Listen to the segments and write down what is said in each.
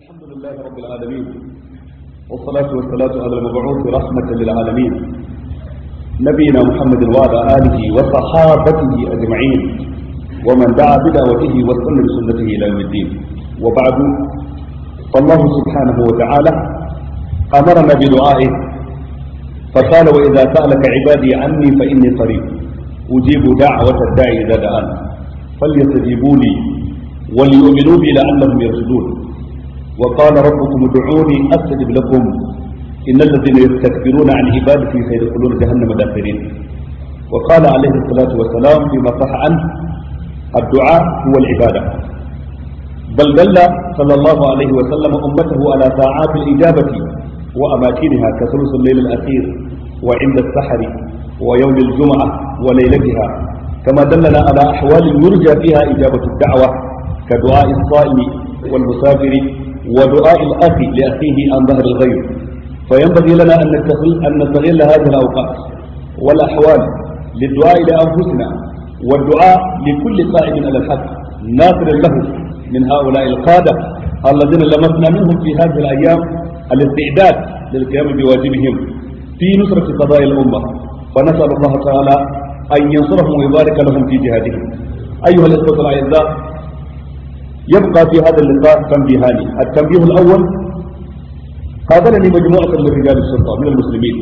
الحمد لله رب العالمين والصلاة والصلاة على المبعوث رحمة للعالمين نبينا محمد وعلى آله وصحابته أجمعين ومن دعا بدعوته وصل بسنته إلى يوم الدين وبعد فالله سبحانه وتعالى أمرنا بدعائه فقال وإذا سألك عبادي عني فإني قريب أجيب دعوة الداعي إذا دعاني فليستجيبوا لي وليؤمنوا بي لعلهم يرشدون وقال ربكم ادعوني استجب لكم ان الذين يستكبرون عن عبادتي سيدخلون جهنم داخلين وقال عليه الصلاه والسلام فيما صح عنه الدعاء هو العباده بل دل صلى الله عليه وسلم امته على ساعات الاجابه واماكنها كثلث الليل الاخير وعند السحر ويوم الجمعه وليلتها كما دلنا على احوال يرجى فيها اجابه الدعوه كدعاء الصائم والمسافر ودعاء الأخ لأخيه عن ظهر الغيب فينبغي لنا أن نستغل أن نستغل هذه الأوقات والأحوال للدعاء لأنفسنا والدعاء لكل قائم على الحق ناصر له من هؤلاء القادة الذين لمسنا منهم في هذه الأيام الاستعداد للقيام بواجبهم في نصرة قضايا الأمة فنسأل الله تعالى أن ينصرهم ويبارك لهم في جهادهم أيها الأخوة الأعزاء يبقى في هذا اللقاء تنبيهان التنبيه الأول قابلني مجموعة من رجال الشرطة من المسلمين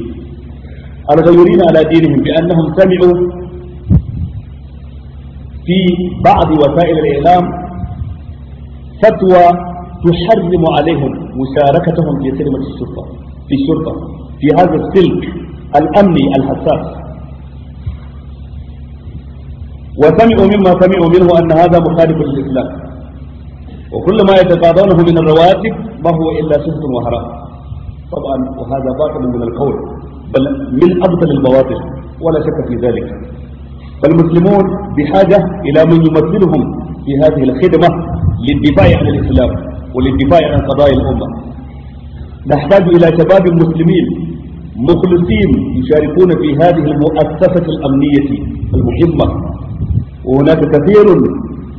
الغيورين على دينهم بأنهم سمعوا في بعض وسائل الإعلام فتوى تحرم عليهم مشاركتهم في كلمة الشرطة في الشرطة في هذا السلك الأمني الحساس وسمعوا مما سمعوا منه أن هذا مخالف للإسلام وكل ما يتقاضونه من الرواتب ما هو إلا سهت وحرام طبعا وهذا باطل من القول بل من أبطل البواطل ولا شك في ذلك فالمسلمون بحاجة إلى من يمثلهم في هذه الخدمة للدفاع عن الإسلام وللدفاع عن قضايا الأمة نحتاج إلى شباب مسلمين مخلصين يشاركون في هذه المؤسسة الأمنية المهمة وهناك كثير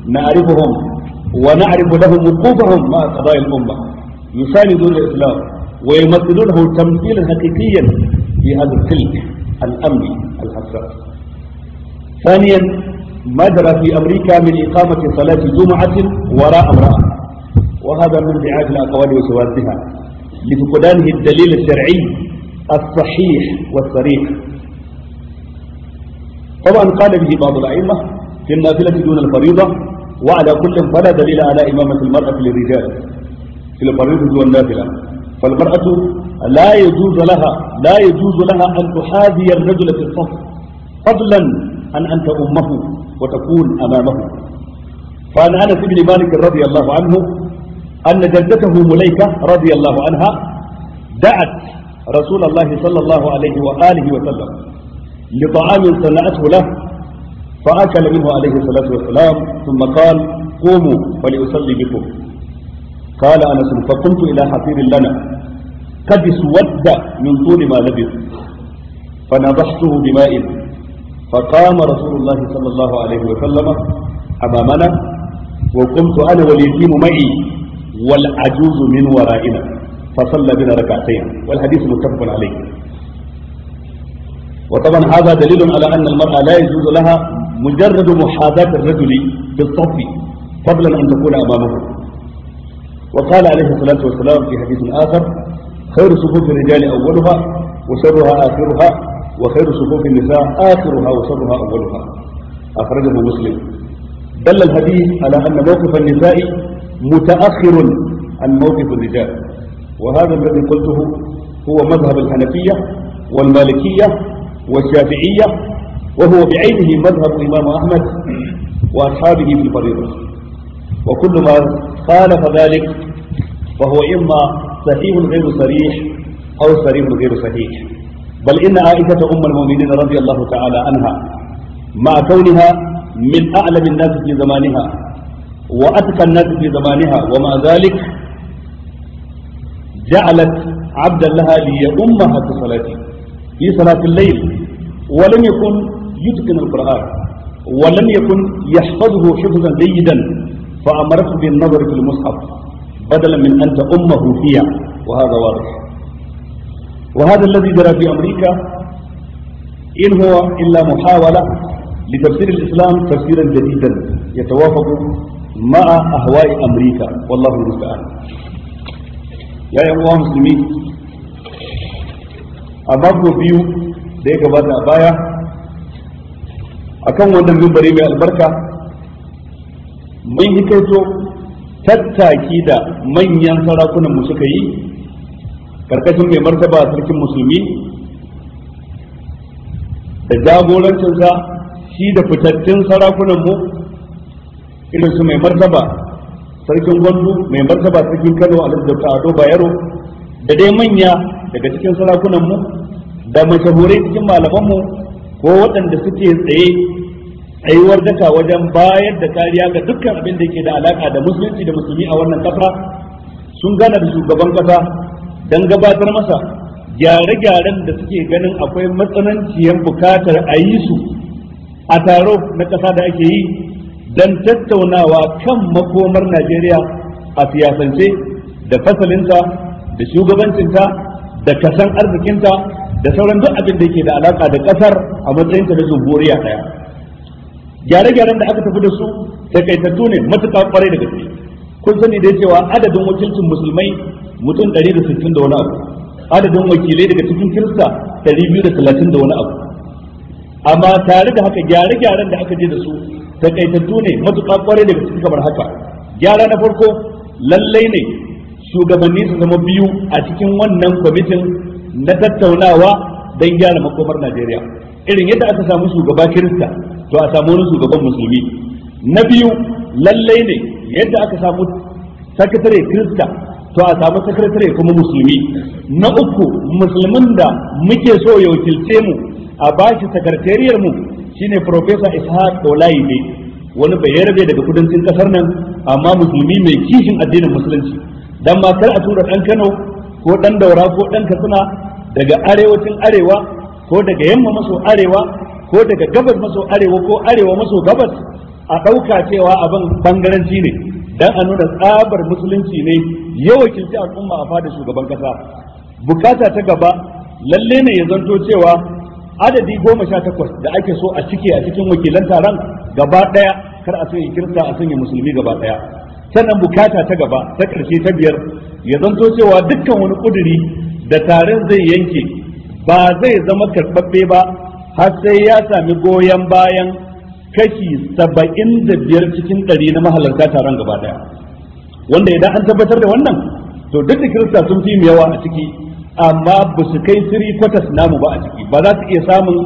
نعرفهم ونعرف لهم وقوفهم مع قضايا الأمة يساندون الإسلام ويمثلونه تمثيلا حقيقيا في هذا السلك الأمني الحساس ثانيا ما جرى في أمريكا من إقامة صلاة جمعة وراء امرأة وهذا من دعاة الأقوال وشواذها لفقدانه الدليل الشرعي الصحيح والصريح طبعا قال به بعض الأئمة في النافلة دون الفريضة وعلى كل فلا دليل على إمامة المرأة للرجال في الفريضة والنافلة فالمرأة لا يجوز لها لا يجوز لها أن تحاذي الرجل في الصف فضلا عن أن تؤمه وتكون أمامه فعن أنس بن مالك رضي الله عنه أن جدته مليكة رضي الله عنها دعت رسول الله صلى الله عليه وآله وسلم لطعام صنعته له فأكل منه عليه الصلاة والسلام ثم قال قوموا فليصلي بكم قال أنس فقمت إلى حفير لنا قد اسود من طول ما لبث فنضحته بماء فقام رسول الله صلى الله عليه وسلم أمامنا وقمت أنا واليتيم معي والعجوز من ورائنا فصلى بنا ركعتين والحديث متفق عليه وطبعا هذا دليل على أن المرأة لا يجوز لها مجرد محاذاة الرجل بالصف قبل أن تكون أمامه وقال عليه الصلاة والسلام في حديث آخر خير صفوف الرجال أولها وشرها آخرها وخير صفوف النساء آخرها وشرها أولها أخرجه مسلم دل الحديث على أن موقف النساء متأخر عن موقف الرجال وهذا الذي قلته هو مذهب الحنفية والمالكية والشافعية وهو بعينه مذهب الإمام أحمد وأصحابه في الفريضة وكل ما خالف ذلك فهو إما صحيح غير صريح أو صريح غير صحيح بل إن عائشة أم المؤمنين رضي الله تعالى عنها مع كونها من أعلم الناس في زمانها وأتقى الناس في زمانها ومع ذلك جعلت عبدا لها ليؤمها في صلاتي في صلاة الليل ولم يكن يتقن القرآن ولم يكن يحفظه حفظا جيدا فأمرته بالنظر في المصحف بدلا من أن تأمه فيها وهذا واضح وهذا الذي جرى في أمريكا إن هو إلا محاولة لتفسير الإسلام تفسيرا جديدا يتوافق مع أهواء أمريكا والله المستعان يا أيها المسلمين أبغض بيو ديك بعد أبايا akan wannan mimbari mai albarka mun hikaito tattaki da manyan sarakunan mu suka yi karkashin mai martaba sarkin musulmi da jagorancinsa shi da fitattun sarakunan mu irin su mai martaba sarkin gwandu mai martaba sarkin kano a lardauta ado bayero da dai manya daga cikin sarakunan mu da mashahurai cikin malaman mu ko waɗanda suke tsaye tsayuwar daka wajen bayar da kariya ga dukkan abin da yake da alaka da musulunci da musulmi a wannan kafa sun gana da shugaban kasa don gabatar masa gyare-gyaren da suke ganin akwai matsananciyar bukatar a yi su a taro na kasa da ake yi don tattaunawa kan makomar najeriya a siyasance da fasalinta da shugabancinta da kasan arzikinta da sauran duk abin da yake da alaka da kasar a matsayin ta da zuburiya daya gyare-gyaren da aka tafi da su takaitattu ne matuƙa kwarai da gaske kun sani da cewa adadin wakilcin musulmai mutum 160 da wani abu adadin wakilai daga cikin kirista 230 da wani abu amma tare da haka gyare-gyaren da aka je da su takaitattu ne matuƙa kwarai da gaske kamar haka gyara na farko lallai ne shugabanni su zama biyu a cikin wannan kwamitin na tattaunawa don gyara makomar Najeriya irin yadda aka samu shugaba Kirista to a samu wani shugaban musulmi na biyu lallai ne yadda aka samu sakatare Kirista to a samu sakatare kuma musulmi na uku musulmin da muke so ya wakilce mu a bashi sakatariyar mu shine Professor Ishaq Olayi ne wani bai yarbe daga kudancin kasar nan amma musulmi mai kishin addinin musulunci dan ma a tura ɗan Kano ko ɗan daura ko ɗan katsina daga arewacin arewa ko daga yamma maso arewa ko daga gabas maso arewa ko arewa maso gabas a ɗauka cewa abin bangaranci ne dan a nuna tsabar musulunci ne ya wakilci al'umma a fada shugaban kasa bukata ta gaba lalle ne ya zanto cewa adadi goma sha takwas da ake so a cike a cikin wakilan taron gaba ɗaya kar a sanya kirista a sanya musulmi gaba ɗaya sannan bukata ta gaba ta ƙarshe ta biyar ya zanto cewa dukkan wani ƙuduri da tarin zai yanke ba zai zama karɓaɓɓe ba har sai ya sami goyon bayan kashi saba'in da biyar cikin ɗari na mahalarta taron gaba ɗaya wanda idan an tabbatar da wannan to duk da kirista sun fi mu yawa a ciki amma ba su kai siri kwatas namu ba a ciki ba za su iya samun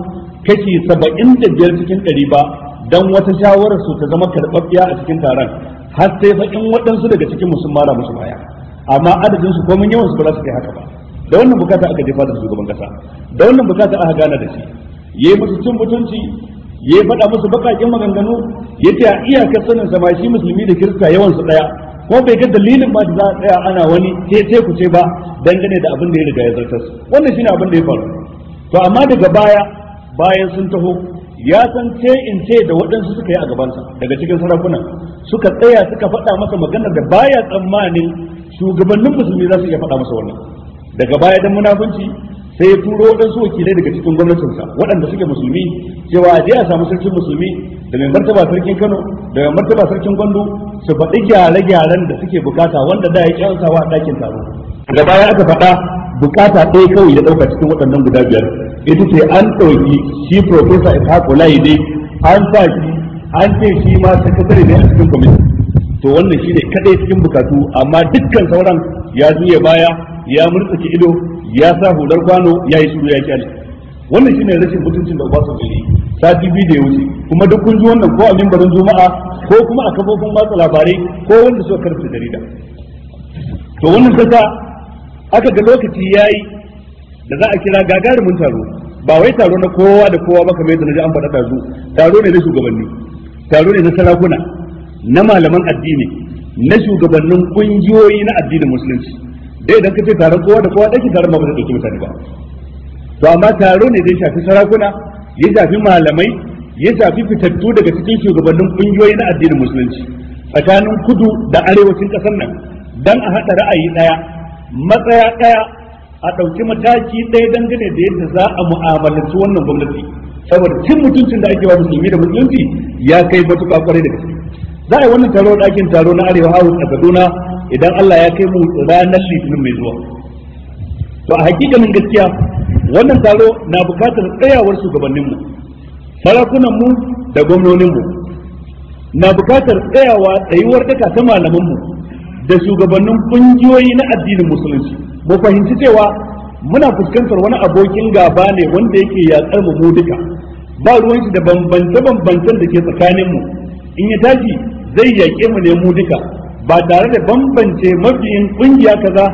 kashi saba'in da biyar cikin ɗari ba dan wata shawarar su ta zama karɓaɓɓiya a cikin taron har sai fa in waɗansu daga cikin sun mara musu baya amma adadin su mun yawan su ba za su kai haka ba da wannan bukata aka jefa da shugaban kasa da wannan bukata aka gana da shi yayi musu cin mutunci yayi faɗa musu bakakin maganganu yace a iyakar sanin sa shi musulmi da kirista yawan su daya ko bai ga dalilin ba da za a tsaya ana wani sai ku ce ba dangane da abin da ya riga ya zartar wannan shine abin da ya faru to amma daga baya bayan sun taho ya san ce in ce da waɗansu suka yi a gabansa daga cikin sarakuna suka tsaya suka faɗa masa maganar da baya tsammanin shugabannin musulmi za su iya faɗa masa wannan daga baya dan munafunci sai ya turo waɗansu wakilai daga cikin gwamnatinsa waɗanda suke musulmi cewa a je a samu sarkin musulmi da mai martaba sarkin Kano da mai martaba sarkin gwandu su faɗi gyare-gyaren da suke bukata wanda da ya kyansawa a ɗakin taro daga baya aka faɗa bukata ɗaya kawai ya ɗauka cikin waɗannan guda biyar ita ce an ɗauki shi profesa kula layi ne an sa shi an ce shi ma sakatare ne a cikin kwamitin to wannan shi ne kaɗai cikin bukatu amma dukkan sauran ya juya baya ya murtsaki ido ya sa hular kwano ya yi shiru ya kyale wannan shi ne rashin mutuncin da Obasanjo yi sati biyu da ya wuce kuma duk kun ji wannan ko a mimbarin juma'a ko kuma a kafofin watsa labarai ko wanda suka karanta jarida to wannan kasa aka ga lokaci yayi da za a kira gagarumin taro ba wai taro na kowa da kowa ba kamar yadda na ji an faɗa ɗazu taro ne na shugabanni taro ne na sarakuna na malaman addini na shugabannin ƙungiyoyi na addinin musulunci dai idan ka ce taron kowa da kowa ɗaki taron ba zai ɗauki mutane ba to amma taro ne da shafi sarakuna ya shafi malamai ya shafi fitattu daga cikin shugabannin ƙungiyoyi na addinin musulunci tsakanin kudu da arewacin ƙasar nan dan a haɗa ra'ayi ɗaya matsaya ɗaya a ɗauki mataki ɗaya dangane da yadda za a mu'amalanci wannan gwamnati saboda cin mutuncin da ake wa musulmi da musulunci ya kai matuƙa kwarai da gaske za a yi wannan taro ɗakin taro na arewa hawu a kaduna idan allah ya kai mu ranar litinin mai zuwa to a hakikanin gaskiya wannan taro na buƙatar tsayawar shugabanninmu sarakunanmu da gwamnoninmu na buƙatar tsayawa tsayuwar daka ta malamanmu da shugabannin kungiyoyi na addinin musulunci mu fahimci cewa muna fuskantar wani abokin gaba ne wanda yake yaƙar mu duka ba ruwan shi da bambance bambancen da ke tsakanin mu in ya tashi zai yaƙe mu ne mu duka ba tare da bambance mafiyin kungiya kaza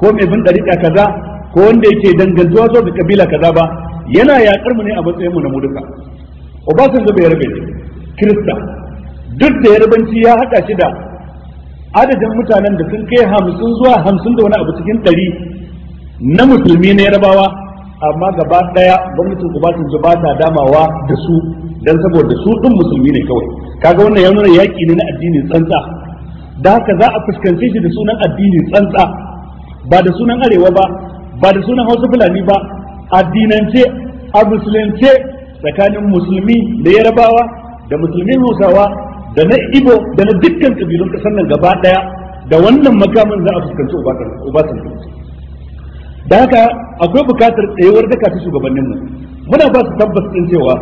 ko mai bin dariƙa kaza ko wanda yake dangantuwa zuwa da kabila kaza ba yana yaƙar mu ne a matsayin mu na mu duka Obasanjo bai rabe Kirista duk da yarbanci ya haɗa shi da adadin mutanen da sun kai hamsin zuwa hamsin da wani abu cikin dari na musulmi na yarabawa amma gaba ɗaya gwamnatin kubatin ba ta damawa da su dan saboda su ɗin musulmi ne kawai kaga wannan ya nuna yaƙi ne na addini tsantsa da haka za a fuskance shi da sunan addini tsantsa ba da sunan arewa ba ba da sunan hausa fulani ba addinance a musulunce tsakanin musulmi da yarabawa da musulmin hausawa da na ibo da na dukkan kabilun kasar nan gaba daya da wannan makamin za a fuskanci su da haka akwai bukatar tsayuwar daka su shugabannin nan muna ba su tabbas din cewa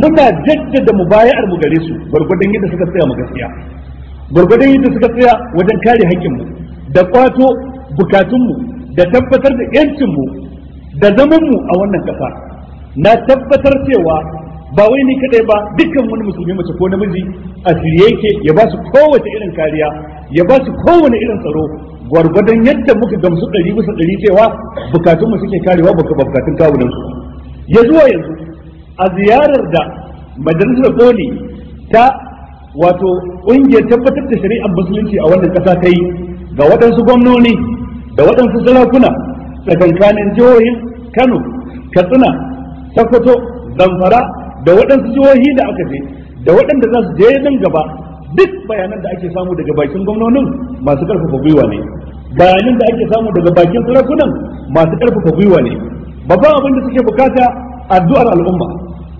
muna jaddada mubayar mu gare su gwargwadon yadda suka tsaya mu gaskiya Gwargwadon yadda suka tsaya wajen kare haƙƙin mu da kwato bukatun mu da tabbatar da yancin mu da zaman mu a wannan kasa na tabbatar cewa ba wai ni kadai ba dukkan wani musulmi mace ko namiji a shirye yake ya ba su kowace irin kariya ya ba su kowane irin tsaro gwargwadon yadda muka gamsu ɗari bisa ɗari cewa bukatunmu suke karewa ba bukatun kawunan su ya zuwa yanzu a ziyarar da majalisar koli ta wato ƙungiyar tabbatar da shari'ar musulunci a wannan ƙasa ta yi ga waɗansu gwamnoni da waɗansu sarakuna tsakankanin jihohin kano katsina sokoto zamfara da waɗansu jihohi da aka je da waɗanda za su je nan gaba duk bayanan da ake samu daga bakin gwamnonin masu ƙarfafa gwiwa ne bayanan da ake samu daga bakin sarakunan masu ƙarfafa gwiwa ne babban abin da suke bukata addu'ar al'umma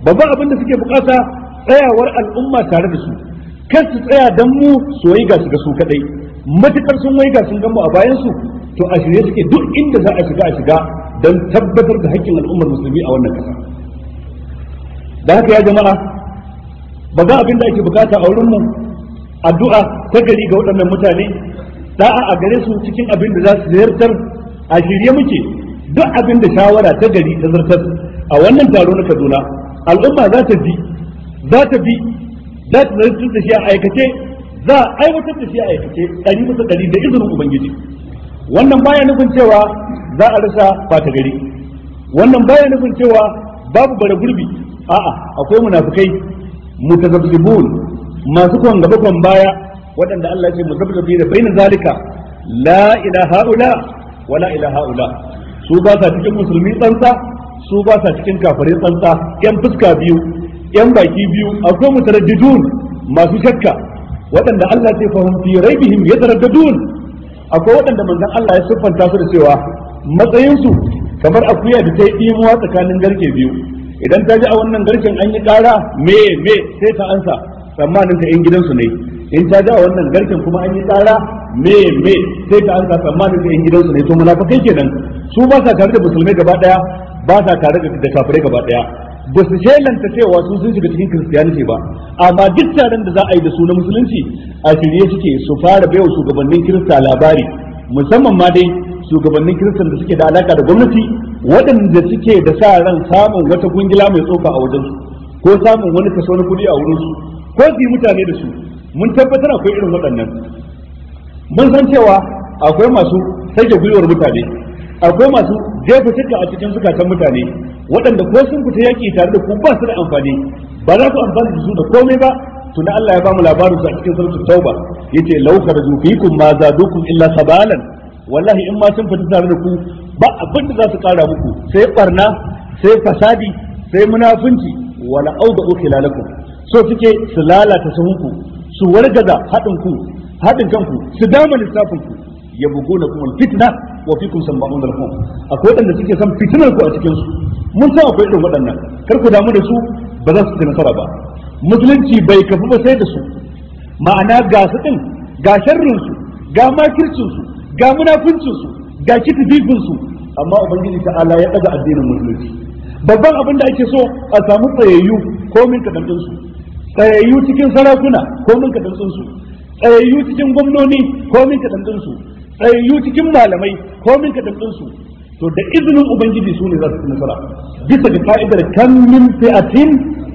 babban abin da suke bukata tsayawar al'umma tare da su kar su tsaya dan mu soyi ga su su kadai matukar sun wai ga sun gan mu a bayan su to a shirye suke duk inda za a shiga a shiga don tabbatar da haƙƙin al'ummar musulmi a wannan kasa. da haka ya jama'a ba ga abin da ake bukata a wurin mu addu'a ta gari ga waɗannan mutane da'a a gare su cikin abin da za su ziyartar a shirye muke duk abin da shawara ta gari ta zartar a wannan taro na Kaduna al'umma za ta bi za ta bi za ta zartar da shi a aikace za a aiwatar da shi a aikace ɗari bisa ɗari da izinin ubangiji wannan baya nufin cewa za a rasa ba ta gari wannan baya nufin cewa babu bara gurbi a'a akwai munafikai mutazabzibun masu kon gaba baya waɗanda Allah ce muzabzabi da bayin zalika la ilaha illa wala ilaha illa su ba sa cikin musulmi tsantsa su ba sa cikin kafirai tsantsa yan fuska biyu yan baki biyu akwai mutaraddidun masu shakka waɗanda Allah ya fahim fi raibihim yataraddadun akwai waɗanda manzon Allah ya siffanta su da cewa matsayinsu kamar akuya da ta yi imuwa tsakanin garke biyu idan ta ji a wannan garken an yi kara me me sai ta ansa tsammanin ta yan gidansu ne in ta ji a wannan garken kuma an yi kara me me sai ta ansa tsammanin ta yan gidansu ne to munafikai kenan su ba sa tare da musulmai gaba daya ba sa tare da kafirai gaba daya ba su shelanta cewa su sun shiga cikin kiristiyanci ba amma duk taron da za a yi da su na musulunci a shirye suke su fara baiwa shugabannin kirista labari musamman ma dai shugabannin kiristan da suke da alaka da gwamnati waɗanda suke da sa ran samun wata gungila mai tsoka a wajensu ko samun wani kaso na kuɗi a wurinsu ko su mutane da su mun tabbatar akwai irin waɗannan mun san cewa akwai masu sake gwiwar mutane akwai masu jefa shakka a cikin zukatan mutane waɗanda ko sun fita yaƙi tare da ku ba su da amfani ba za su amfani da su da komai ba tuna Allah ya ba mu labarin su a cikin suratul tauba yace laukar, zufikum maza ma zadukum illa sabalan wallahi in ma sun fita tare da ku ba abin da za su kara muku sai barna sai fasadi sai munafunci wala auda khilalakum so suke su lalata muku su wargaza haɗin ku haɗin kanku su dama lissafin ku ya na kuma fitna wa fikum sama'un lakum akwai wanda suke san fitnar ku a cikin su mun san akwai irin waɗannan kar ku damu da su ba za su ci nasara ba musulunci bai kafi ba sai da su ma'ana ga su din ga sharrin su ga makircin su ga munafincin su ga kitu su amma ubangiji ta'ala ya daga addinin musulunci babban abin da ake so a samu tsayayyu ko min kadan su tsayayyu cikin sarakuna ko min kadan su tsayayyu cikin gwamnoni ko min kadan su tsayayyu cikin malamai ko min kadan su to da izinin ubangiji su ne za su ci nasara bisa ga fa'idar kan min fi'atin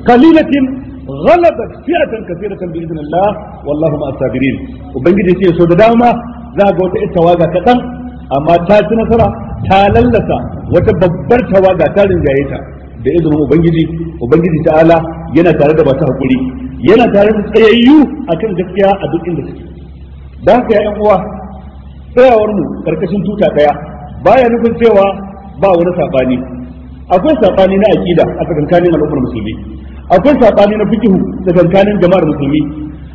qalilatin ghalabat fi'atan kathiratan bi idnillah wallahu ma sabirin ubangiji ce so da dama za ga wata ita waga kadan amma ta ci nasara ta lallasa wata babbar tawaga ta rinjaye ta da izinin ubangiji ubangiji ta'ala yana tare da masu hakuri yana tare da tsayayyu akan gaskiya a duk inda suke da haka ya uwa tsayawar mu karkashin tuta daya baya nufin cewa ba wani sabani akwai sabani na aqida a tsakankanin al'ummar musulmi akwai sabani na fikihu tsakankanin jama'ar musulmi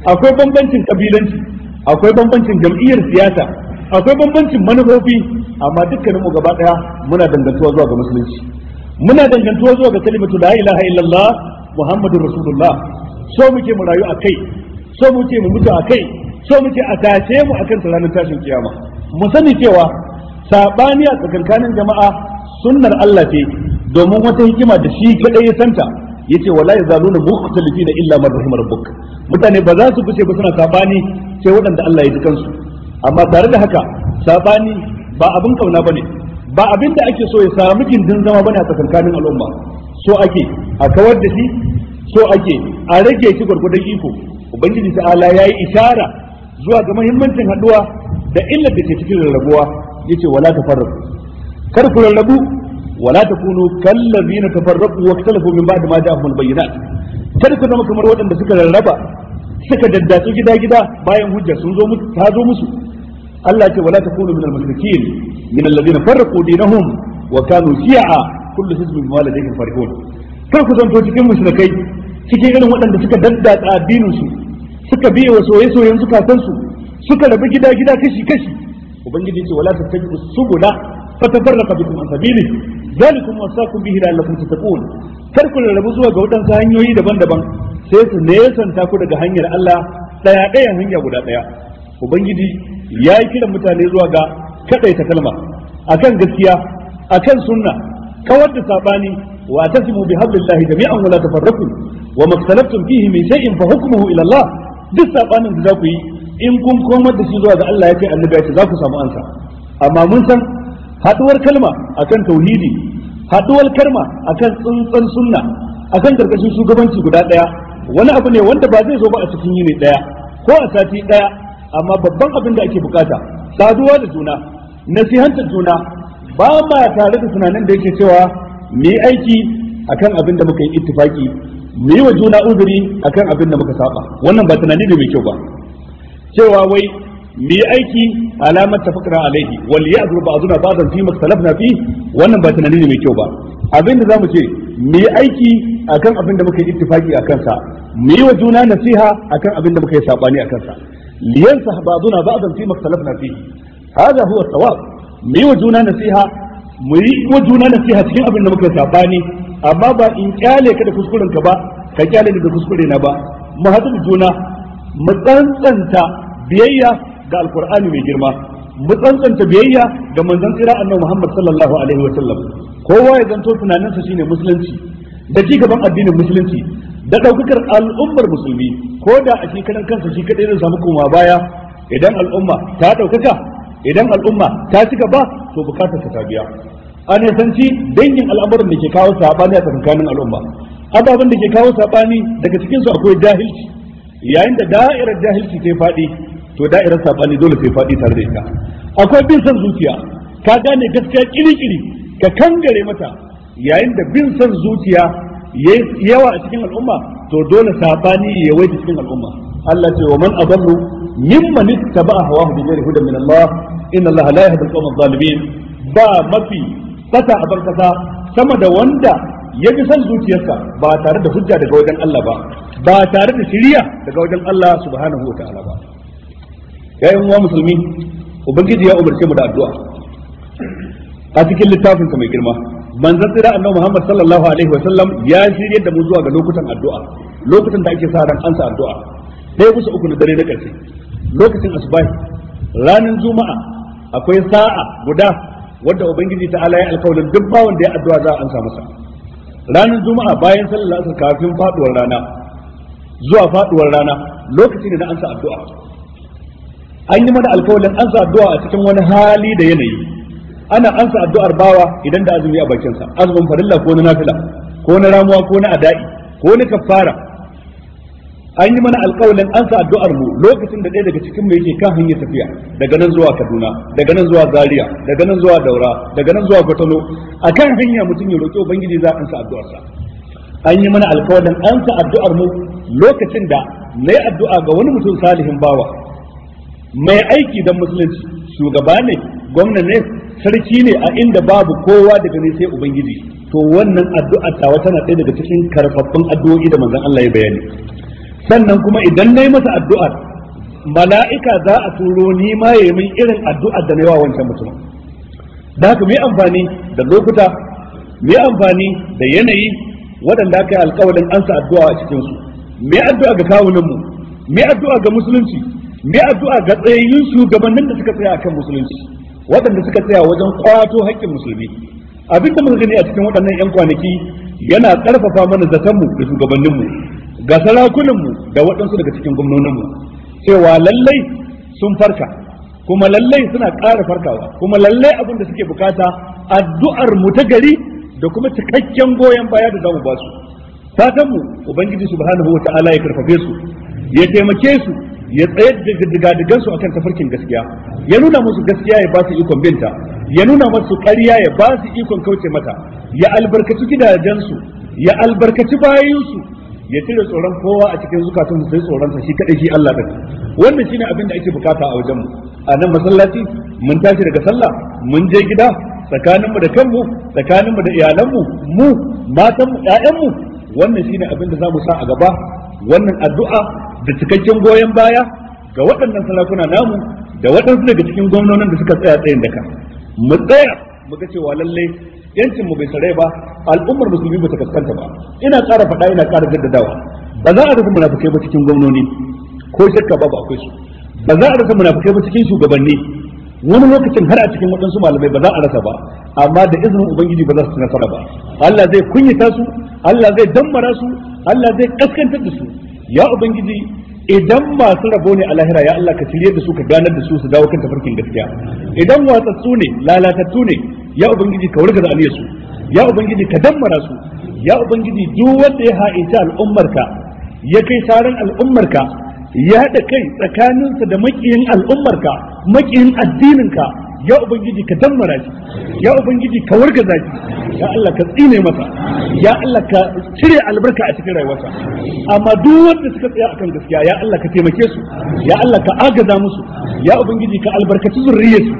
akwai bambancin kabilanci akwai bambancin jam'iyyar siyasa akwai bambancin manufofi amma dukkaninmu gaba daya muna dangantuwa zuwa ga musulunci muna dangantuwa zuwa ga kalimatu la ilaha illallah muhammadur rasulullah so muke mu rayu akai so muke mu mutu akai so muke a tashe mu akan ranar tashin kiyama mu sani cewa sabani a tsakankanin jama'a sunnar Allah ce domin wata hikima da shi kadai ya santa yace wala yazaluna mukhtalifina illa man rahimar rabbuk mutane ba za su fice ba suna sabani sai waɗanda Allah ya ji kansu amma tare da haka sabani ba abin kauna bane ba abin da ake so ya samu gindin zama bane a tsakankanin al'umma so ake a kawar da shi so ake a rage shi gurgurdan iko ubangiji ta'ala yayi ishara zuwa ga muhimmancin haduwa da illar da ke cikin rarrabuwa yace wala tafarraqu kar ku rarrabu wala takunu kallazina tafarraqu wa ikhtalafu min ba'di ma ja'ahumul bayyinat kar ku zama kamar waɗanda suka rarraba suka daddatsu gida-gida bayan hujja sun zo musu ta zo musu Allah ce wala takunu minal mushrikin min alladhina farraqu dinahum wa kanu shi'a kullu hizbin bima ladayhim farihun kar ku zanto cikin mushrikai cikin irin waɗanda suka daddaka addinin su suka biye wa soyayyen su kasan su suka rabu gida gida kashi kashi ubangiji ce wala tattabi'u subula fatafarraqa bikum an sabili zalikum wasaqu bihi la'allakum tattaqun kar ku rabu zuwa ga waɗansu hanyoyi daban-daban sai su nesanta ku daga hanyar Allah daya ɗayan hanya guda ɗaya ubangiji ya yi kiran mutane zuwa ga kaɗaita kalma akan gaskiya akan sunna kawar da saɓani wa tasimu bi hablillahi da wa la tafarraqu wa maktalaftum fihi sai in fa hukmuhu ila duk sabanin da za ku yi in kun komar da shi zuwa ga Allah ya kai annabi ya ce za ku samu ansa amma mun san haɗuwar kalma akan tauhidi haɗuwar kalma akan tsintsan sunna akan karkashin shugabanci guda ɗaya, wani abu ne wanda ba zai zo ba a cikin yini ɗaya, ko a sati ɗaya. amma babban abin da ake bukata saduwa da juna nasihantar juna ba ma tare da tunanin da yake cewa mu aiki akan abin da muka yi ittifaki mu yi wa juna uzuri akan abin da muka saba wannan ba tunani ne mai kyau ba cewa wai mu aiki alamar tafakara alaihi wal ya'zur ba'duna ba'dan fi maktalafna fi wannan ba tunani ne mai kyau ba abin da zamu ce mu yi aiki akan abin da muka yi ittifaki akan sa mu yi wa juna nasiha akan abin da muka yi sabani akan sa liyansa ba ba'dan fi maktalafna fihi hada huwa sawab mu yi wa juna nasiha mu yi wa juna nasiha cikin abin da muka sabani amma ba in kyale ka da kuskuren ka ba ka kyale da kuskure na ba mu haɗu juna mu tsantsanta biyayya ga alkur'ani mai girma mu tsantsanta biyayya ga manzon tsira annabi Muhammad sallallahu alaihi wa sallam kowa ya zanto tunaninsa shine musulunci da ci gaban addinin musulunci da daukakar al'ummar musulmi ko da a shi kan kansa shi kadai zai samu koma baya idan al'umma ta daukaka idan al'umma ta ci ba, to bukatar ta biya a nisanci dangin al'amuran da ke kawo sabani a tsakanin al'umma ababen da ke kawo sabani daga cikin su akwai jahilci yayin da da'irar jahilci ta faɗi to da'irar sabani dole sai faɗi tare da ita akwai bin san zuciya ka gane gaskiya kiri-kiri ka kangare mata yayin da bin san zuciya yawa a cikin al'umma to dole sabani ya yawaita cikin al'umma Allah ce wa man adallu mimman ittaba'a hawahu bi ghairi hudan min Allah inna Allah la yahdi al-qawma adh-dhalimin ba mafi kasa a barkata sama da wanda ya bi san zuciyarsa ba tare da hujja daga wajen Allah ba ba tare da shiriya daga wajen Allah subhanahu wa ta'ala ba yayin wa musulmi ubangiji ya umarce mu da addu'a a cikin littafin mai girma manzon tsira annabi Muhammad sallallahu alaihi wasallam ya shirye da mu zuwa ga lokutan addu'a lokutan da ake sa ran ansa addu'a dai kusa uku na dare na karshe lokacin asbahi ranar juma'a akwai sa'a guda wadda ubangiji ta ala ya alkawalin duk bawan da ya addu'a za a ansa masa ranar juma'a bayan sallar asar kafin faduwar rana zuwa faduwar rana lokaci ne na ansa addu'a an yi mana alkawalin ansa addu'a a cikin wani hali da yanayi ana ansa addu'ar bawa idan da azumi a bakin sa azumin farilla ko na nafila ko na ramuwa ko na ada'i ko na kafara an yi mana alƙawalin ansa addu'ar mu lokacin da ɗaya daga cikin mu yake kan hanya tafiya daga nan zuwa Kaduna daga nan zuwa Zaria daga nan zuwa Daura daga nan zuwa Kwatano akan hanya mutum ya roki ubangiji za a ansa addu'ar sa an yi mana alƙawalin ansa addu'ar mu lokacin da na addu'a ga wani mutum salihin bawa mai aiki don musulunci shugaba ne gwamna ne sarki ne a inda babu kowa daga ne sai ubangiji to wannan addu'a tawa tana ɗaya daga cikin karfaffun addu'o'i da manzon Allah ya bayani sannan kuma idan nayi masa addu'a mala'ika za a turo ni ma min irin addu'a da na a wancan mutumin da haka me amfani da lokuta me amfani da yanayi waɗanda aka yi ansa addu'a a cikin su me addu'a ga kawunan mu me addu'a ga musulunci mai addu'a ga tsayayyun shugabannin da suka tsaya akan musulunci waɗanda suka tsaya wajen kwato haƙƙin musulmi abin da muka gani a cikin waɗannan 'yan kwanaki yana ƙarfafa mana zatanmu da shugabanninmu ga sarakunanmu da waɗansu daga cikin gwamnoninmu cewa lallai sun farka kuma lallai suna ƙara farkawa kuma lallai abin da suke bukata addu'ar mu ta gari da kuma cikakken goyon baya da zamu ba su fatanmu ubangiji subhanahu wata'ala ya karfafe su ya taimake su ya tsayar da digadigansu a akan tafarkin gaskiya ya nuna musu gaskiya ya ba su ikon binta ya nuna musu ƙarya ya ba su ikon kauce mata ya albarkaci gidajensu ya albarkaci bayansu ya cire tsoron kowa a cikin zukatun su sai tsoron sa shi kadai shi Allah din wannan shine abin da ake bukata a wajen mu a nan masallaci mun tashi daga sallah mun je gida tsakaninmu da kanmu tsakaninmu da iyalanmu mu matanmu ƴaƴanmu wannan shine abin da zamu sa a gaba wannan addu'a da cikakken goyon baya ga waɗannan salafuna namu da waɗansu daga cikin gwamnonin da suka tsaya tsayin daka mu tsaya mu ga cewa lallai yancin mu bai sarai ba al'ummar musulmi ba ta kaskanta ba ina ƙara faɗa ina ƙara jaddadawa ba za a rasa munafukai ba cikin gwamnoni ko shakka ba ba akwai su ba za a rasa munafukai ba cikin shugabanni wani lokacin har a cikin waɗansu malamai ba za a rasa ba amma da izinin ubangiji ba za su ci nasara ba Allah zai kunyata su Allah zai dammara su Allah zai kaskantar da su ya ubangiji idan masu rabo ne a lahira ya Allah ka shirye da su ka ganar da su su dawo kan tafarkin gaskiya idan watsatsu ne lalatattu ne ya ubangiji ka wurga da su ya ubangiji ka dammara su ya ubangiji duk wanda ya ha'inta al'ummarka ya kai saran al'ummarka ya haɗa kai tsakaninsa da makiyin al'ummarka makiyin addininka ya ubangiji ka dammara shi ya ubangiji ka wargaza shi ya Allah ka tsine masa ya Allah ka cire albarka a cikin rayuwarsa amma duk wanda suka tsaya akan gaskiya ya Allah ka taimake su ya Allah ka agaza musu ya ubangiji ka albarkaci zurriyarsu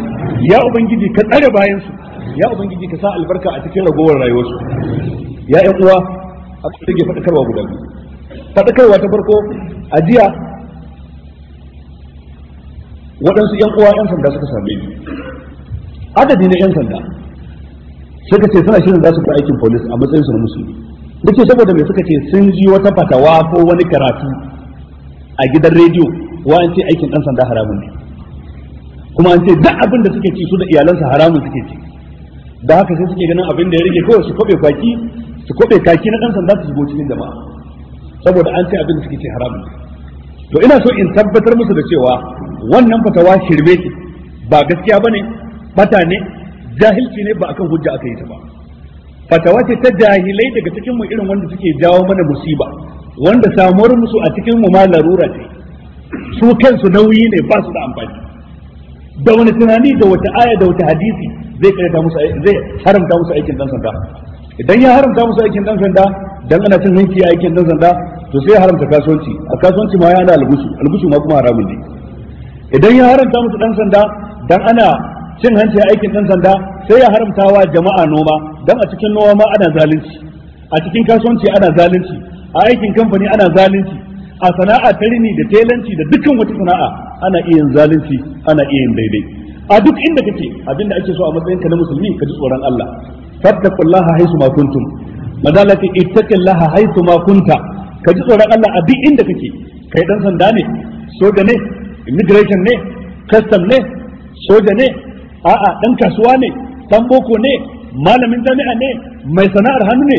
ya ubangiji ka tsare bayan su ya ubangiji ka sa albarka a cikin ragowar rayuwarsu ya ƴan uwa a cikin faɗakarwa guda biyu faɗakarwa ta farko a jiya waɗansu yan uwa yan sanda suka same ni adadi na yan sanda suka ce suna shirin za su ga aikin polis a matsayin su na musulmi ce saboda mai suka ce sun ji wata fatawa ko wani karatu a gidan rediyo wa an ce aikin ɗan sanda haramun ne kuma an ce duk abin da suke ci su da iyalansa haramun suke ci da haka sai suke ganin abin da ya rage kawai su kobe kwaki su kobe kaki na ɗan sanda su shigo cikin jama'a saboda an ce abin da suke ci haramun to ina so in tabbatar musu da cewa wannan fatawa shirme ce ba gaskiya bane bata ne jahilci ne ba akan hujja aka yi ta ba fatawa ce ta jahilai daga cikin mu irin wanda suke jawo mana musiba wanda samuwar musu a cikin mu ma larura ce su kansu nauyi ne ba su da amfani da wani tunani da wata aya da wata hadisi zai haramta musu aikin dan sanda idan ya haramta musu aikin dan sanda dan ana cin hanci aikin dan sanda to sai haramta kasuwanci a kasuwanci ma ya ana algusu algusu ma kuma haramun ne idan ya haramta musu dan sanda dan ana cin hanci a aikin dan sanda sai ya haramta wa jama'a noma dan a cikin noma ma ana zalunci a cikin kasuwanci ana zalunci a aikin kamfani ana zalunci a sana'a ta rini da telanci da dukkan wata sana'a ana iya yin zalunci ana iya yin daidai a duk inda kake abinda ake so a matsayinka na musulmi ka ji tsoron Allah fattaqullaha haythu ma kuntum madalla ittaqillaha haythu ma kunta ka ji tsoron Allah a duk inda kake kai dan sanda ne soja ne immigration ne custom ne soja ne a'a dan kasuwa ne dan boko ne malamin jami'a ne mai sana'ar hannu ne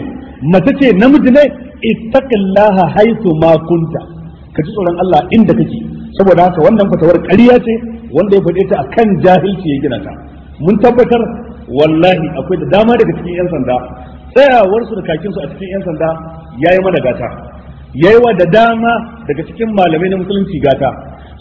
mace ce namiji ne ittaqillaha haythu ma kunta ka ji tsoron Allah inda kake saboda haka wannan fatawar ƙarya ce wanda ya fade ta akan jahilci ya gina ta mun tabbatar wallahi akwai da dama daga cikin yan sanda tsayawar su da kakin su a cikin yan sanda yayi mana gata yayi wa da dama daga cikin malamai na musulunci gata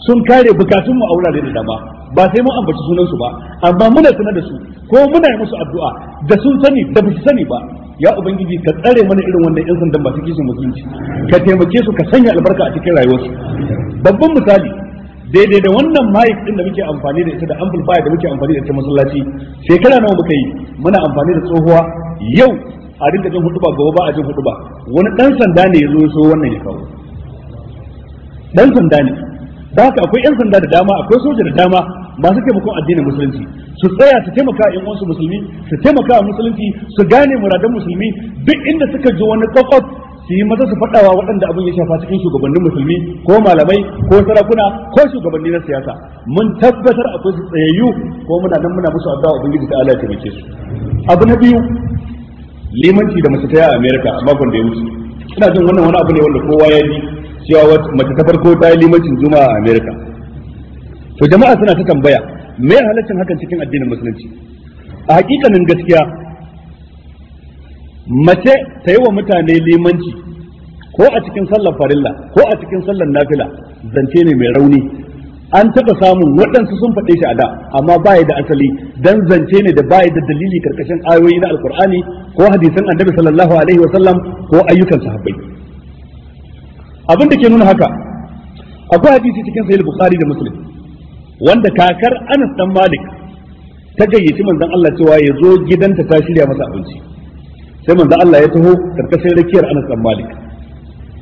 sun kare bukatun mu a wurare da dama ba sai mun ambaci sunan su ba amma muna sanar da su ko muna yi musu addu'a da sun sani da su sani ba ya ubangiji ka tsare mana irin wannan yan sandan su kishin mutunci ka taimake su ka sanya albarka a cikin rayuwarsu babban misali daidai da wannan mic din da muke amfani da ita da amplifier da muke amfani da ita masallaci shekara nawa muka yi muna amfani da tsohuwa yau a rinka jin hudu ba gaba ba a jin hudu ba wani dan sanda ne ya zo so wannan ya kawo dan sanda ne da haka akwai yan sanda da dama akwai soja da dama masu taimakon addinin musulunci su tsaya su taimaka yan uwansu musulmi su taimaka musulunci su gane muradan musulmi duk inda suka ji wani kwakwat su yi maza su faɗawa waɗanda abin ya shafa cikin shugabannin musulmi ko malamai ko sarakuna ko shugabanni na siyasa mun tabbatar akwai su tsayayyu ko muna nan muna musu addu'a ubangiji ta Allah ya taimake su abu na biyu limanci da mace ta yi a America a makon da ya wuce ina jin wannan wani abu ne wanda kowa ya ji cewa mace ta farko ta yi limacin juma'a a America to jama'a suna ta tambaya me halaccin hakan cikin addinin musulunci a hakikanin gaskiya mace ta yi wa mutane limanci ko a cikin sallar farilla ko a cikin sallar nafila zance ne mai rauni an taɓa samun waɗansu sun faɗe shi a da amma ba da asali dan zance ne da baya da dalili karkashin ayoyi na alkur'ani ko hadisan annabi sallallahu alaihi wasallam ko ayyukan sahabbai abin da ke nuna haka akwai hadisi cikin sahih bukhari da muslim wanda kakar anas dan malik ta gayyaci manzon Allah cewa ya zo gidanta ta shirya masa abinci sai manzon Allah ya taho karkashin rakiyar anas dan malik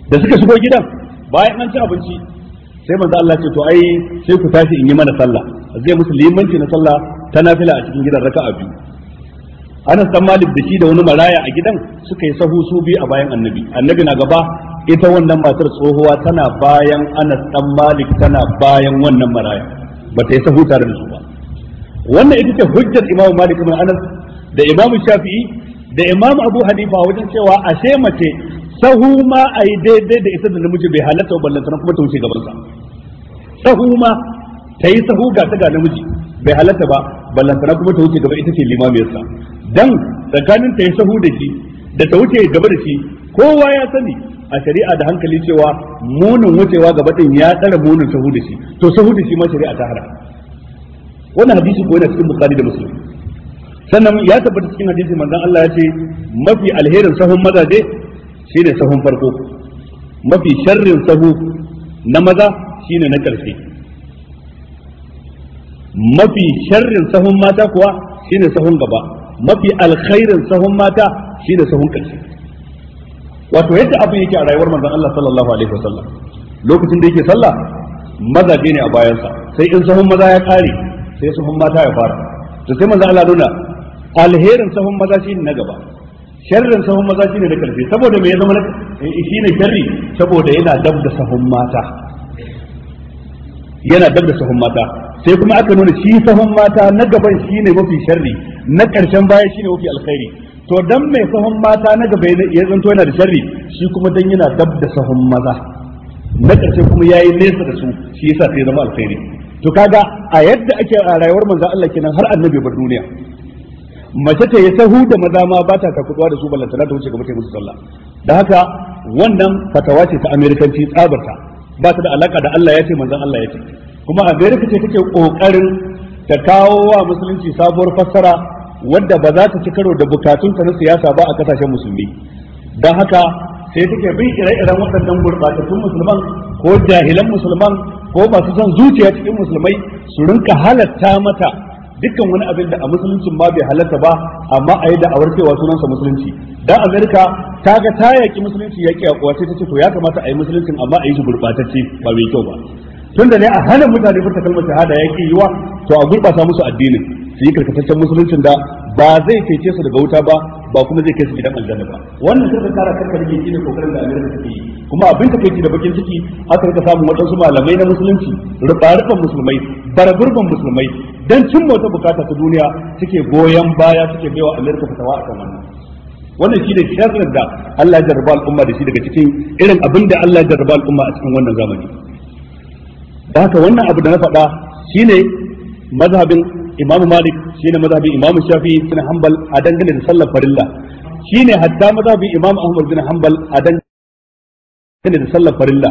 da suka shigo gidan bayan an ci abinci sai manzo Allah ce to ai sai ku tashi in yi mana sallah zai musu limanci na sallah ta nafila a cikin gidan raka'a biyu Anas dan Malik da shi da wani maraya a gidan suka yi sahu su biyu a bayan annabi annabi na gaba ita wannan matar tsohuwa tana bayan Anas dan Malik tana bayan wannan maraya ba ta yi sahu tare da su ba wannan ita ce hujjar imamu Malik ibn Anas da Imam Shafi'i da Imam Abu Hanifa wajen cewa ashe mace sahu ma a yi daidai da ita da namiji bai halatta ba ballantana kuma ta wuce gaban sa sahu ma ta yi sahu ga ta ga namiji bai halatta ba ballantana kuma ta wuce gaba ita ce limamiyarsa dan tsakanin ta yi sahu da shi da ta wuce gaba da shi kowa ya sani a shari'a da hankali cewa munin wucewa gaba din ya tsara munin sahu da shi to sahu da shi ma shari'a ta hara wannan hadisi ko yana cikin bukhari da muslim sannan ya tabbata cikin hadisi manzon Allah ya ce mafi alherin sahun mazaje shine sahun farko mafi sharrin sahu na maza shine na karshe mafi sharrin sahun mata kuwa shine sahun gaba mafi alkhairin sahun mata shi shine sahun karshe wato yadda abin yake a rayuwar manzon Allah sallallahu alaihi wasallam lokacin da yake sallah mazaje ne a bayansa sai in sahun maza ya kare sai sahun mata ya fara to sai manzon Allah nuna alherin sahun maza shi ne na gaba sharrin sahun maza shi ne na karshe saboda me ya zama eh, shine sharri saboda yana dab da sahun mata yana dab da sahun mata sai kuma aka nuna shi sahun mata na gaban shi ne mafi sharri na ƙarshen baya shi ne mafi alkhairi to dan mai sahun mata na gaba ya zanto yana da sharri shi kuma dan yana dab da sahun maza na ƙarshe kuma ya yi nesa da su shi yasa sai zama alkhairi to kaga a yadda ake a rayuwar manzo Allah kenan har annabi bar duniya mace ta yi sahu da maza ma ba ta kakutuwa da su ballantana ta wuce gaba ta musu sallah da haka wannan fatawa ce ta amerikanci tsabarta ba ta da alaka da Allah ya ce manzon Allah ya ce kuma america ce take kokarin ta kawo wa musulunci sabuwar fassara wadda ba za ta ci karo da bukatun bukatunta na siyasa ba a kasashen musulmi don haka sai take bin ire-iren waɗannan gurɓatattun musulman ko jahilan musulman ko masu son zuciya cikin musulmai su rinka halatta mata dukkan wani abin da a musuluncin ma bai halatta ba amma a yi da'awar cewa sunansa musulunci Don amerika ta ga ta yaƙi musulunci yaƙi a kuwa ta ce to ya kamata a yi musuluncin amma a yi shi gurɓatacce ba mai kyau ba tunda ne a hana mutane furta kalmar shahada yake yiwa to a gurɓata musu addinin su yi karkataccen musuluncin da ba zai cece su daga wuta ba ba kuma zai kai su gidan aljanna ba wannan sirrin kara karka rike shi kokarin da amirka take yi kuma abin ke da bakin ciki aka rika samun waɗansu malamai na musulunci rubarufan musulmai gurban musulmai dan cin wata bukata ta duniya suke goyon baya suke baiwa amirka fatawa akan wannan wannan shi ne sharrin da Allah ya jarraba al'umma da shi daga cikin irin abin da Allah ya jarraba al'umma a cikin wannan zamani da haka wannan abu da na faɗa shine mazhabin Imam Malik shine mazhabin Imam Shafi, bin Hanbal a dangane da sallar farilla shine hadda mazhabin Imam Ahmad bin Hanbal a dangane da sallar farilla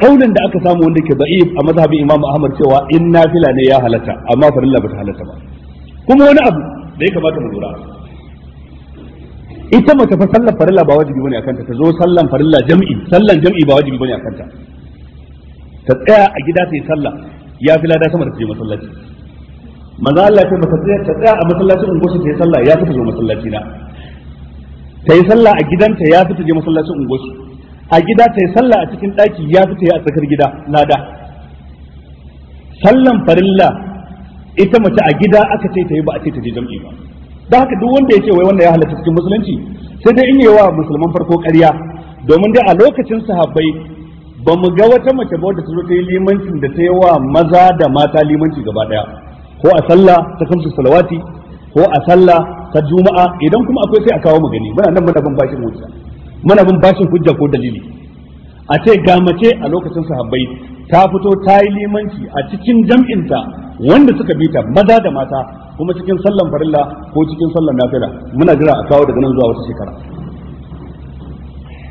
kaunin da aka samu wanda ke da'if a mazhabin Imam Ahmad cewa in nafila ne ya halata, amma farilla ba ta halatta ba kuma wani abu da ya kamata mu lura ita mace fa sallar farilla ba wajibi bane akan ta ta zo sallan farilla jam'i sallan jam'i ba wajibi bane akan ta ta tsaya a gida ta yi sallah ya fi lada sama da ta je masallaci manzo Allah ya ce ta tsaya a masallacin ungoshi ta yi sallah ya fi ta zo masallaci na ta yi sallah a gidanta ya fi ta je masallacin ungoshi a gida ta yi sallah a cikin ɗaki ya fi ta yi a tsakar gida lada sallan farilla ita mace a gida aka ce ta yi ba a ce ta je jam'i ba da haka duk wanda ya ce wai wannan ya halatta cikin musulunci sai dai in yi wa musulman farko ƙarya domin dai a lokacin sahabbai ba mu ga wata mace ba wadda ta zo ta yi limancin da ta yi wa maza da mata limanci gaba daya ko a sallah ta kamsu salawati ko a sallah ta juma'a idan kuma akwai sai a kawo mu gani muna nan muna bin bashin hujja muna bin bashin hujja ko dalili a ce ga mace a lokacin sahabbai ta fito ta yi limanci a cikin jam'inta wanda suka bi ta maza da mata kuma cikin sallan farilla ko cikin sallan nafila muna jira a kawo daga nan zuwa wata shekara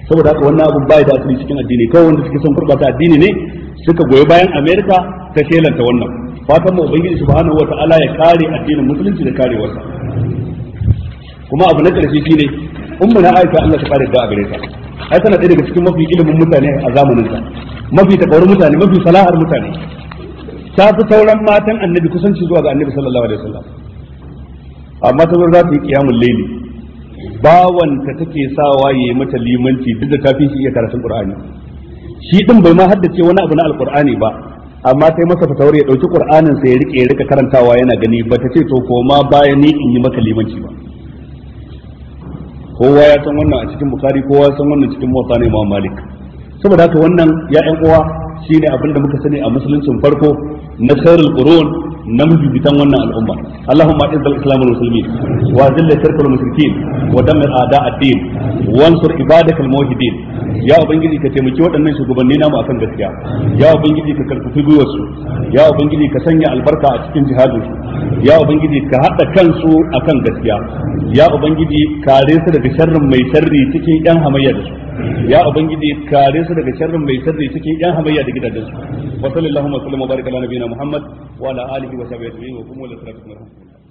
saboda haka wannan abun bai da asali cikin addini kawai wanda suke son kurbata addini ne suka goyi bayan America ta shelanta wannan fatan mu ubangiji subhanahu wataala ya kare addinin musulunci da karewarsa kuma abu na karshe shine ummu na Aisha Allah ta kare da gare ta ai tana ɗaya daga cikin mafi ilimin mutane a zamanin ta mafi takwaru mutane mafi salahar mutane ta fi sauran matan annabi kusanci zuwa ga annabi sallallahu alaihi wasallam amma ta zo za ta yi kiyamul laili bawanta take sawa yayi mata limanci duk da tafi shi iya karatun Qur'ani shi din bai ma haddace wani abu na alqur'ani ba amma sai masa fatawar ya dauki qur'anin sai ya rike rika karantawa yana gani bata ce to koma baya ni in yi maka limanci ba kowa ya san wannan a cikin bukhari kowa ya san wannan cikin muwatta ne imam malik saboda haka wannan ya uwa shine abin da muka sani a musuluncin farko na khairul qurun namiji bitan wannan al'umma Allahumma izzil islam wal muslimin wa zilla shirka wal mushrikin wa dammir a'da ad-din wansur ibadak al muwahhidin ya ubangiji ka taimaki waɗannan shugabanni namu akan gaskiya ya ubangiji ka karfafi ya ubangiji ka sanya albarka a cikin jihadin su ya ubangiji ka hada kansu akan gaskiya ya ubangiji kare su daga sharrin mai sharri cikin yan hamayya da su ya ubangiji kare su daga sharrin mai sharri cikin yan hamayya da gidajen su wa sallallahu wa sallam wa baraka ala nabiyina muhammad wa ala alihi wa sabiyatu wa kumu la salatu nahum